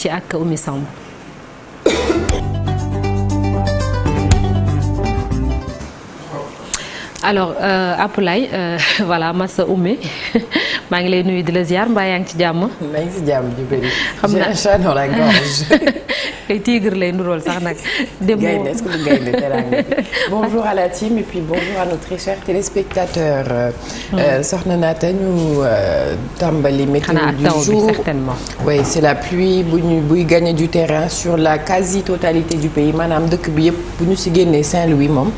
ci ak Oumy Samb alors euh, Apulaye euh, voilà Massa Oumy maa ngi lay nuyu di la ziar mbaa ngi ci jàmm. maa ci jàmm ju bëri. xam naa j'ai un chat kay tigre lay nurool sax nag. démb gaynde est-ce que du gaynde teraanga bonjour à la team et puis bonjour à nos très chers téléspectateurs. Mm. Euh, soxna naata ñu tàmbali météo du jour xanaa taw bi certainement. oui c'est la pluie bu ñu buy gagner du terrain sur la quasi totalité du pays maanaam dëkk bi yëpp bu ñu si génnee Saint-Louis moom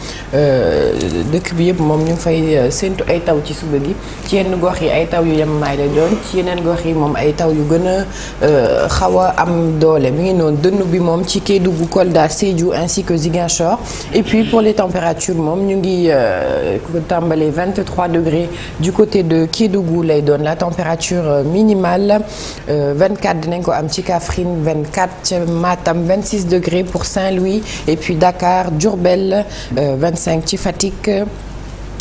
dëkk bi yëpp. moom ñu fay euh, séntu ay taw ci suba gi ci yenn gox yi ay taw yu yemamaay lay doon ci yeneen gox yi moom ay taw yu gën a euh, xaw a am doole mi ngi noonu dënnu bi moom ci Kédougou Kolda Sédhiou ainsi que Ziguinchor et puis pour les températures moom ñu ngi ko euh, tàmbalee 23 degrés du côté de Kédougou lay doon la température minimale 24 dinañ ko am ci Kaffrine 24 ca Matam 26 degrés pour Saint-Louis et puis Dakar Diourbel 25 ci Fatick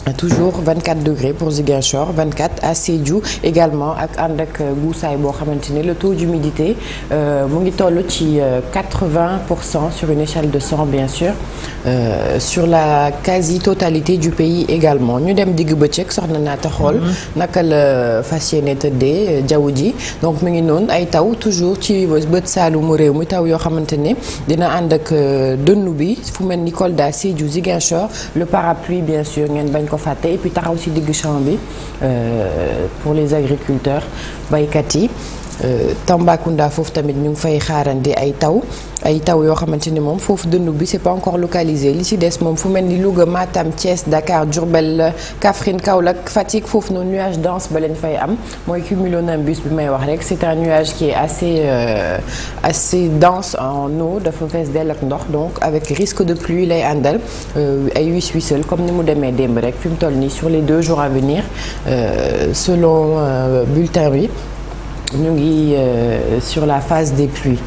Euh, toujours 24 degrés pour Ziguinchor 24 à Sédhiou également ak ànd ak euh, guusaay boo xamante ne le taux d'humidité euh, mu ngi toll ci 80 pour cent sur une échelle de 100 bien sûr sur la quasi-totalité du pays également ñu dem digg bëccëg soxna naa ta xool mhm. naka la fas yéene tëddee jaww ji donc mu ngi noonu ay taw toujours ci bët saalumu réew mi taw yoo xamante ni dina ànd ak dënnu bi fu mel ni Kolda Sédhiou Ziguinchor le parapluie bien sûr ngeen bañ ko fàtte et puis taxaw ci diggu champ bi euh, pour les agriculteurs baykat yi Euh, Tambacounda foofu tamit ñu ngi fay xaarandi ay taw ay taw yoo xamante ni moom foofu dënnu bi c'est pas encore localisé li ci des moom fu mel ni Louga Matam Thiès Dakar Diourbel Kaffrine Kaolack Fatick foofu noonu nuage dense ba leen fay am mooy cumulonimbus bi may wax rek c'est un nuage qui est assez euh, assez dense en eau dafa fees dell ak ndox donc avec risque de pluie lay àndal euh, ay wis wisal comme ni mu demee démb rek fi mu toll nii sur les deux jours à venir selon bulletin bi ñu ngi euh, sur la phase des pluies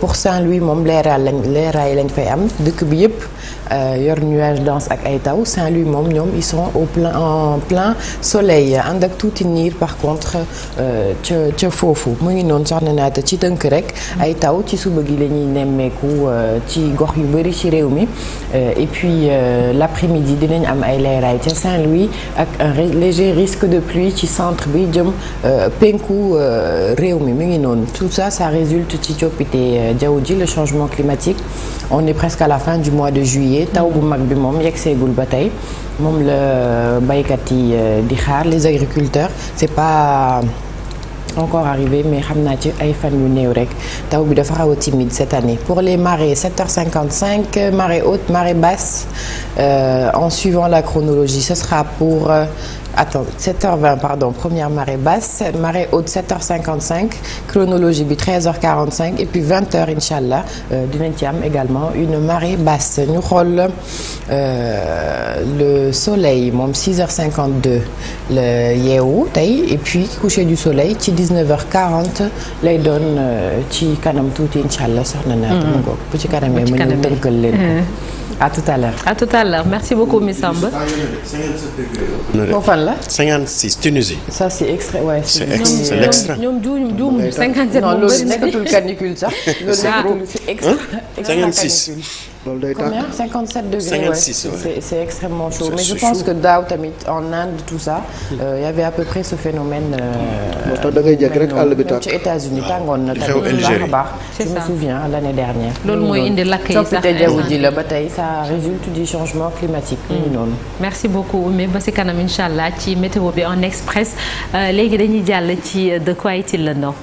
pour Saint-Louis moom leeraay lañ leeraay lañ fay am dëkk bi yëpp euh, yor nuage dense ak ay taw Saint-Louis moom ñoom ils sont au plein en plein soleil ànd ak touti niir par contre euh, ca ca foofu mu ngi noonu soxna naata ci tënk rek ay taw ci suba gi lañuy ñuy nemmeeku euh, ci gox yu bëri ci réew mi et puis l'après-midi dinañ am ay leeraay ca Saint-Louis ak un léger risque de pluie ci centre bi jëm penku réew mi mu ngi noonu tout ça ça résulte ci coppite Euh, jaww ji le changement climatique on la fin du de juillet taw bu mag bi moom yegg seegul ba tey moom la euh, baykat yi euh, di xaar les agriculteurs c'est pas encore mais xam naa ci ay fan yu néew rek taw bi dafa xaw a timide pour les marées 7h55 marée haute marée attends 7h20 pardon première marée basse marée haute 7h55 chronologie bi 13h45 et puis 20h allah euh, dinañ ci am également une marée basse ñu xool euh, le soleil moom 6h52 la yeewu tey et puis coucher du soleil ci 19h40 lay doon euh, ci kanam tuuti incha allah soxna naa. ci kanamee ma ñu dënkal leen à tout à l'heure merci beaucoup Miss Samba. foofu fan la. Tunisie. ça c'est extra ouais. c'est euh, extra ñoom ñoom juumuñu 57. non loolu nekkatul canicule sax. loolu nekkatul extra 56. loolu day tàkk combien 57 degrés. 56 ouais, c'est c'est extrêmement chaud. mais je pense chaud. que daaw tamit en Inde tout ça. Euh, y avait à peu près ce phénomène. Euh, moo tax da ngay jekk rek àll bi tàkk ci États-Unis tàngoon na tamit bu baax a baax. je me souviens l'année dernière. loolu mooy indi lakk yi sax coppite jaww ji la ba tey ça résulte du changement climatique. ñu mm. noonu. merci beaucoup Oumy ba si kanam incha allah ci météo bi en express euh, léegi dañuy jàll ci euh, de quoi est-il le nom.